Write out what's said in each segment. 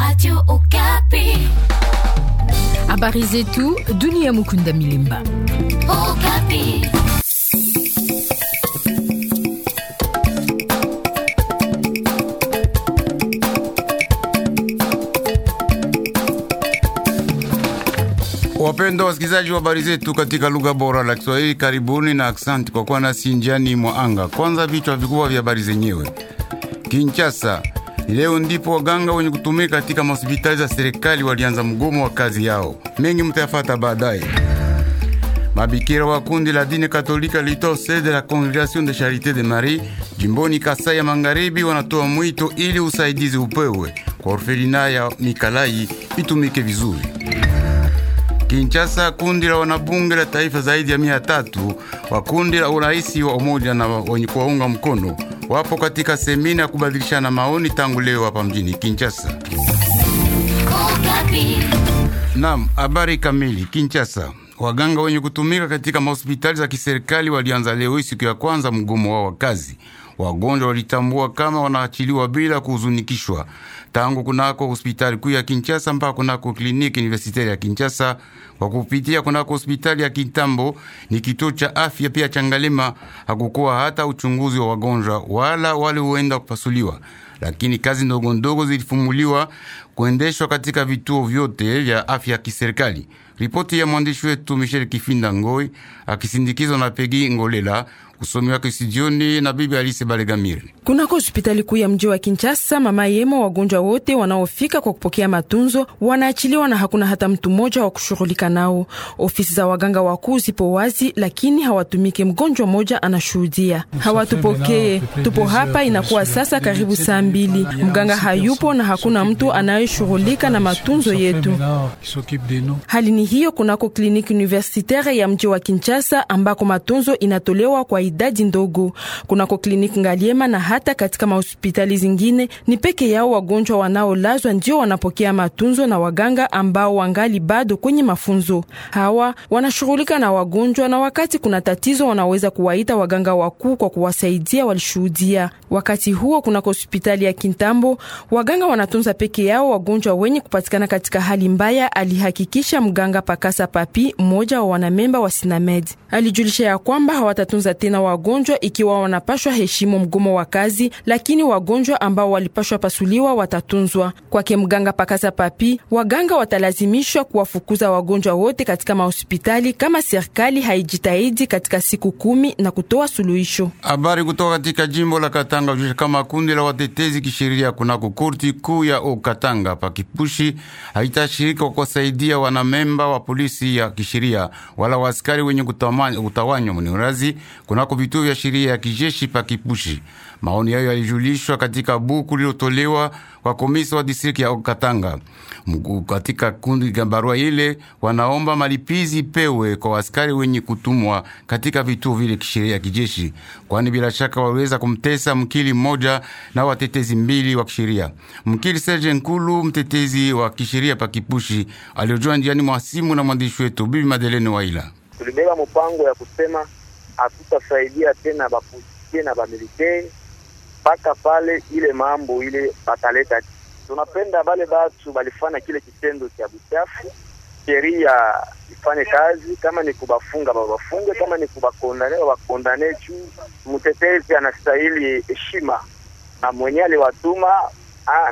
Radio Okapi. Habari zetu dunia Mukunda Milimba. Okapi. Wapendwa wasikilizaji wa habari zetu katika lugha bora la Kiswahili, karibuni na aksanti kwa kuwa nasi njiani mwa anga. Kwanza vichwa vikubwa vya habari zenyewe. Kinshasa Leo ndipo waganga wenye kutumika katika mahospitali za serikali walianza mgomo wa kazi yao. Mengi mutayafata baadaye. Mabikira wa kundi la dini Katolika lito sede la Congregation de Charité de Marie jimboni Kasai ya Magharibi wanatoa mwito ili usaidizi upewe kwa orfelina ya Mikalai itumike vizuri. Kinshasa, kundi la wanabunge la taifa zaidi ya mia tatu wa kundi la uraisi wa umoja na wenye kuwaunga mkono wapo katika semina ya kubadilishana maoni tangu leo hapa mjini Kinshasa. Naam, habari kamili Kinshasa. Waganga wenye kutumika katika mahospitali za kiserikali walianza leo siku ya kwanza mgomo wao wa kazi. Wagonjwa walitambua kama wanaachiliwa bila kuhuzunikishwa tangu kunako hospitali kuu ya Kinshasa mpaka kunako kliniki universitari ya Kinshasa kwa kupitia kunako hospitali ya Kitambo. Ni kituo cha afya pia cha Ngalema. Hakukuwa hata uchunguzi wa wagonjwa wala wale huenda kupasuliwa, lakini kazi ndogo ndogo zilifumuliwa kuendeshwa katika vituo vyote vya afya ya kiserikali. Ripoti ya mwandishi wetu Michel Kifinda Ngoi akisindikizwa na Pegi Ngolela usomi wake studioni na bibi Alise Balegamir. Kunako hospitali kuu ya mji wa Kinshasa, mama Yema, wagonjwa wote wanaofika kwa kupokea matunzo wanaachiliwa na hakuna hata mtu mmoja wa kushughulika nao. Ofisi za waganga wakuu zipo wazi, lakini hawatumike. Mgonjwa mmoja anashuhudia, hawatupokee. Tupo hapa, inakuwa sasa karibu saa mbili, mganga hayupo na hakuna mtu anayeshughulika na matunzo yetu. Hali ni hiyo kunako kliniki universitaire ya mji wa Kinshasa ambako matunzo inatolewa kwa idadi ndogo. Kunako kliniki Ngaliema na hata katika mahospitali zingine, ni peke yao wagonjwa wanaolazwa ndio wanapokea matunzo na waganga ambao wangali bado kwenye mafunzo. Hawa wanashughulika na wagonjwa, na wakati kuna tatizo wanaweza kuwaita waganga wakuu kwa kuwasaidia walishuhudia. Wakati huo kunako hospitali ya Kintambo waganga wanatunza peke yao wagonjwa wenye kupatikana katika hali mbaya, alihakikisha mganga Pakasa Papi, mmoja wa wanamemba wa Sinamed. Alijulisha ya kwamba hawatatunza tena na wagonjwa ikiwa wanapashwa heshimu mgomo wa kazi, lakini wagonjwa ambao walipashwa pasuliwa watatunzwa kwake mganga Pakasa Papi. Waganga watalazimishwa kuwafukuza wagonjwa wote katika mahospitali kama serikali haijitahidi katika siku kumi na kutoa suluhisho. Habari kutoka katika jimbo la Katanga ujusha kama kundi la watetezi kisheria kunako korti kuu ya Okatanga pakipushi haitashirika kuwasaidia wanamemba wa polisi ya kisheria wala waaskari wenye kutawanywa mnirazi kuna kunako vituo vya sheria ya kijeshi pa Kipushi. Maoni hayo yalijulishwa katika buku lililotolewa kwa komisa wa distrikti ya Okatanga. Katika kundi barua ile, wanaomba malipizi pewe kwa askari wenye kutumwa katika vituo vile kisheria ya kijeshi, kwani bila shaka waliweza kumtesa mkili mmoja na watetezi mbili wa kisheria. Mkili Serge Nkulu, mtetezi wa kisheria pa Kipushi, aliojua njiani mwa simu na mwandishi wetu Bibi Madelene Waila, tulibeba mpango ya kusema hatutasaidia tena bapolisie na bamiliteri mpaka pale ile mambo ile bataleta. Tunapenda bale batu balifanya kile kitendo cha buchafu, sheria ifanye kazi. Kama ni kubafunga babafunge, kama ni kubakondane babakondane. Juu mtetezi anastahili heshima na mwenye aliwatuma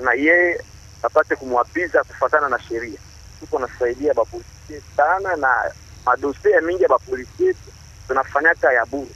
na yeye apate kumwapiza kufatana na sheria. Tuko nasaidia bapolisie sana na madosie mingi ya bapolisie tunafanyaka ya bure.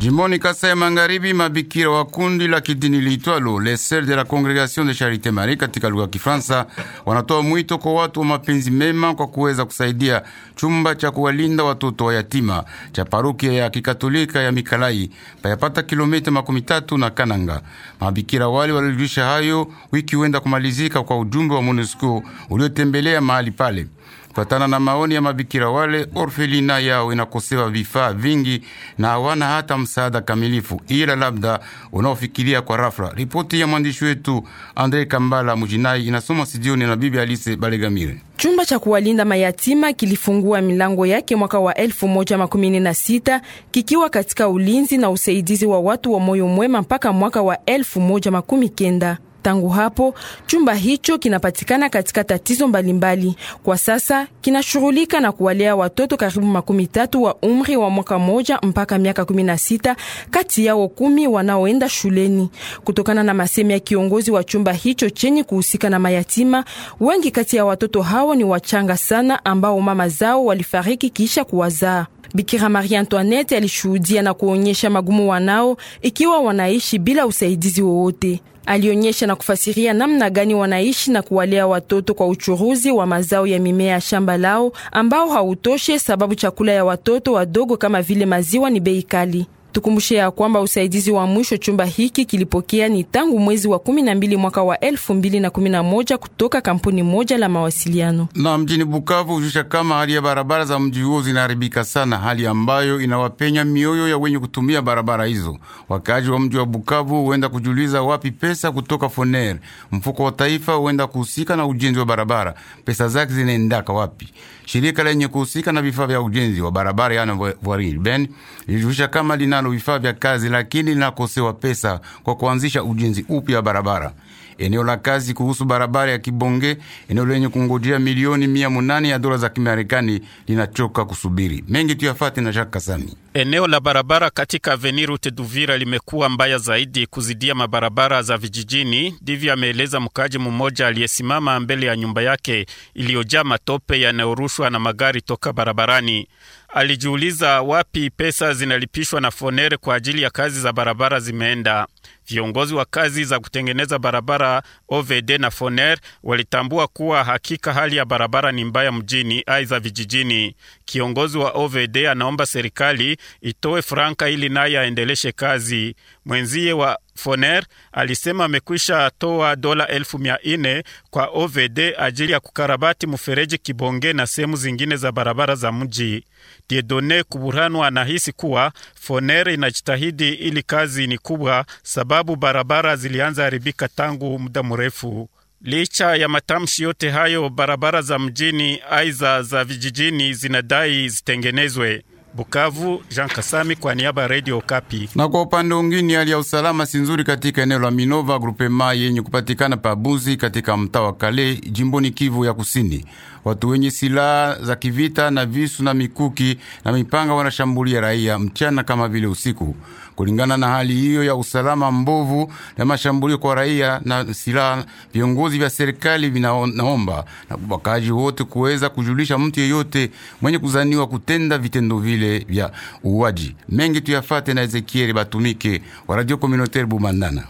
Jimboni Kasai ya Magharibi, mabikira wa kundi la kidini liitwalo Lesser de la Congregation de Charite Marie katika lugha ya Kifaransa wanatoa mwito kwa watu wa mapenzi mema kwa kuweza kusaidia chumba cha kuwalinda watoto wa yatima cha parukia ya kikatolika ya Mikalai payapata kilomita makumi tatu na Kananga. Mabikira wali walijulisha hayo wiki huenda kumalizika kwa ujumbe wa MONUSCO uliotembelea mahali pale. Kufatana na maoni ya mabikira wale, orfelina yao inakosewa vifaa vingi na hawana hata msaada kamilifu, ila labda unaofikiria kwa rafla. Ripoti ya mwandishi wetu Andre Kambala Mujinai inasoma Sidioni na bibi Alise Balegamire. Chumba cha kuwalinda mayatima kilifungua milango yake mwaka wa 1116 kikiwa katika ulinzi na usaidizi wa watu wa moyo mwema mpaka mwaka wa 1119. Tangu hapo chumba hicho kinapatikana katika tatizo mbalimbali mbali. Kwa sasa kinashughulika na kuwalea watoto karibu makumi tatu wa umri wa mwaka moja mpaka miaka kumi na sita, kati yao kumi wanaoenda shuleni. Kutokana na masemi ya kiongozi wa chumba hicho chenye kuhusika na mayatima, wengi kati ya watoto hao ni wachanga sana ambao mama zao walifariki kisha kuwazaa. Bikira Maria Antoinette alishuhudia na kuonyesha magumu wanao ikiwa wanaishi bila usaidizi wowote. Alionyesha na kufasiria namna gani wanaishi na kuwalea watoto kwa uchuruzi wa mazao ya mimea ya shamba lao ambao hautoshe, sababu chakula ya watoto wadogo kama vile maziwa ni bei kali. Tukumbushe ya kwamba usaidizi wa mwisho chumba hiki kilipokea ni tangu mwezi wa 12 mwaka wa 2011 kutoka kampuni moja la mawasiliano. Na mjini Bukavu ujusha kama hali ya barabara za mji huo zinaharibika sana, hali ambayo inawapenya mioyo ya wenye kutumia barabara hizo. Wakaaji wa mji wa Bukavu huenda kujiuliza wapi pesa kutoka Foner, mfuko wa taifa huenda kuhusika na ujenzi wa barabara, pesa zake zinaendaka wapi? Shirika lenye kuhusika na vifaa vya ujenzi wa barabara yana Voirie Urbaine lilijulisha kama linalo vifaa vya kazi, lakini linakosewa pesa kwa kuanzisha ujenzi upya wa barabara eneo la kazi kuhusu barabara ya Kibonge, eneo lenye kungojea milioni mia munane ya dola za Kimarekani linachoka kusubiri mengi. Tuyafate na Jacques Kasami. Eneo la barabara katika Venirute Duvira limekuwa mbaya zaidi kuzidia mabarabara za vijijini, ndivyo ameeleza mkaaji mmoja aliyesimama mbele ya nyumba yake iliyojaa matope yanayorushwa na magari toka barabarani. Alijiuliza wapi pesa zinalipishwa na Fonere kwa ajili ya kazi za barabara zimeenda. Viongozi wa kazi za kutengeneza barabara OVD na FONER walitambua kuwa hakika hali ya barabara ni mbaya mjini aidha vijijini. Kiongozi wa OVD anaomba serikali itoe franka ili naye aendeleshe kazi. Mwenzie wa Foner alisema amekwisha toa dola elfu mia ine kwa OVD ajili ya kukarabati mfereji Kibonge na sehemu zingine za barabara za mji. Diedone Kuburhanu anahisi kuwa Foner inajitahidi ili kazi ni kubwa, sababu barabara zilianza haribika tangu muda mrefu. Licha ya matamshi yote hayo, barabara za mjini aiza za vijijini zinadai zitengenezwe. Bukavu, Jean Kasami kwa niaba ya Radio Kapi. Na kwa upande mwingine, hali ya usalama si nzuri katika eneo la Minova Grupema yenye kupatikana Pabuzi katika mtaa wa Kale jimboni Kivu ya Kusini. Watu wenye silaha za kivita na visu na mikuki na mipanga wanashambulia raia mchana kama vile usiku. Kulingana na hali hiyo ya usalama mbovu na mashambulio kwa raia na silaha, viongozi vya serikali vinaomba na wakaji wote kuweza kujulisha mtu yeyote mwenye kuzaniwa kutenda vitendo vile vya uwaji. Mengi tuyafate na Ezekieli Batumike wa Radio Communautaire Bumandana.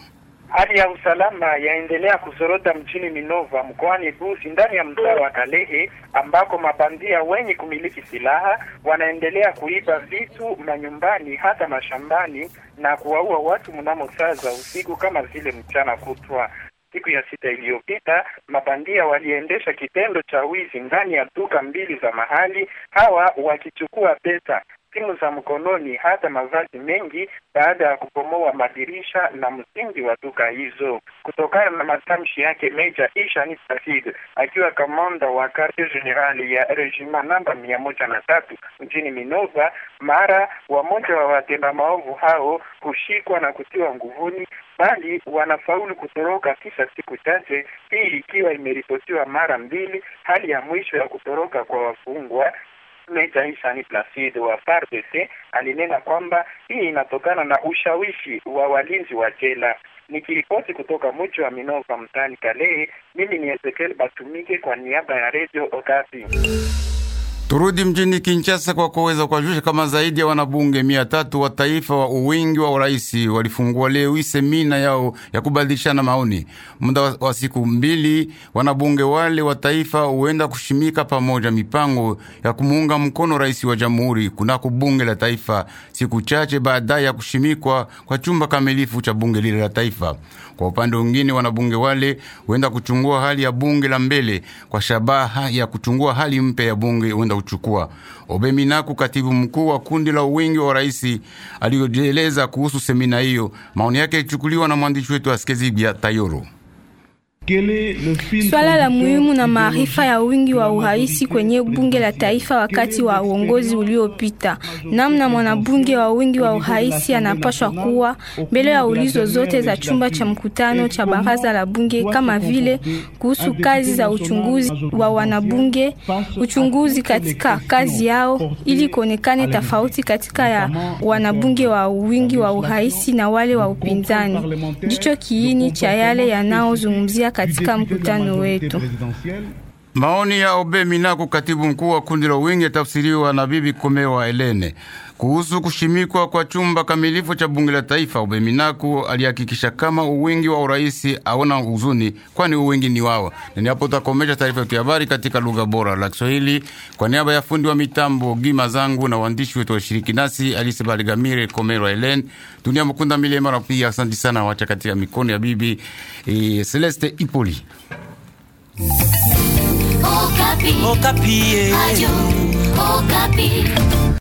Hali ya usalama yaendelea kuzorota mjini Minova mkoani Buzi ndani ya mtaa wa Kalehe ambako mabandia wenye kumiliki silaha wanaendelea kuiba vitu manyumbani hata mashambani na kuwaua watu mnamo saa za usiku kama vile mchana kutwa. Siku ya sita iliyopita mabandia waliendesha kitendo cha wizi ndani ya duka mbili za mahali, hawa wakichukua pesa simu za mkononi, hata mavazi mengi baada ya kubomoa madirisha na msingi wa duka hizo, kutokana na matamshi yake Meja Ishani Safid akiwa kamanda wa quartier generali ya rejima namba mia moja na tatu mjini Minova. Mara wamoja wa watenda maovu hao hushikwa na kutiwa nguvuni, bali wanafaulu kutoroka kisha siku chache, hii ikiwa imeripotiwa mara mbili, hali ya mwisho ya kutoroka kwa wafungwa Meja Hisani Placide wa FARDC alinena kwamba hii inatokana na ushawishi wa walinzi wa jela. Nikiripoti kutoka mji wa Minova mtaani Kalehe, mimi ni Ezekiel Batumike kwa niaba ya Radio Okapi. Turudi mjini Kinshasa kwa kuweza kuwajulisha kama zaidi ya wanabunge mia tatu wa taifa wa uwingi wa urais walifungua leo semina yao ya kubadilishana maoni. Muda wa siku mbili, wanabunge wale wa taifa huenda kushimika pamoja mipango ya kumuunga mkono rais wa jamhuri kunako bunge la taifa, siku chache baadaye ya kushimikwa kwa chumba kamilifu cha bunge lile la taifa. Kwa upande mwingine, wanabunge wale huenda kuchungua hali ya bunge la mbele kwa shabaha ya kuchungua hali mpya ya bunge huenda kuchukua. Obeminaku, katibu mkuu wa kundi la uwingi wa raisi, aliyojieleza kuhusu semina hiyo. Maoni yake yalichukuliwa na mwandishi wetu Askezi Bia Tayoro. Swala la muhimu na maarifa ya wingi wa urais kwenye bunge la taifa wakati wa uongozi uliopita, namna mwanabunge wa wingi wa urais anapashwa kuwa mbele ya ulizo zote za chumba cha mkutano cha baraza la bunge, kama vile kuhusu kazi za uchunguzi wa wanabunge, uchunguzi katika kazi yao, ili kuonekane tofauti katika ya wanabunge wa wingi wa urais na wale wa upinzani, ndicho kiini cha yale yanaozungumzia katika mkutano wetu. Maoni ya Obemina, katibu mkuu wa kundi la wingi, tafsiriwa na Bibi Komewa Elene. Kuhusu kushimikwa kwa chumba kamilifu cha bunge la taifa, Ubeminaku alihakikisha kama uwingi wa uraisi aona huzuni, kwani uwingi ni wao. Na hapo tutakomesha taarifa yetu ya habari katika lugha bora la Kiswahili. Kwa niaba ya fundi wa mitambo Gima zangu na waandishi wetu washiriki nasi Alise Baligamire, Komero Helen, Dunia Mkunda Milema na pia asante sana, wacha katika mikono ya bibi e, Celeste Ipoli. Okapi. Okapi. Eh. Ayu, Okapi.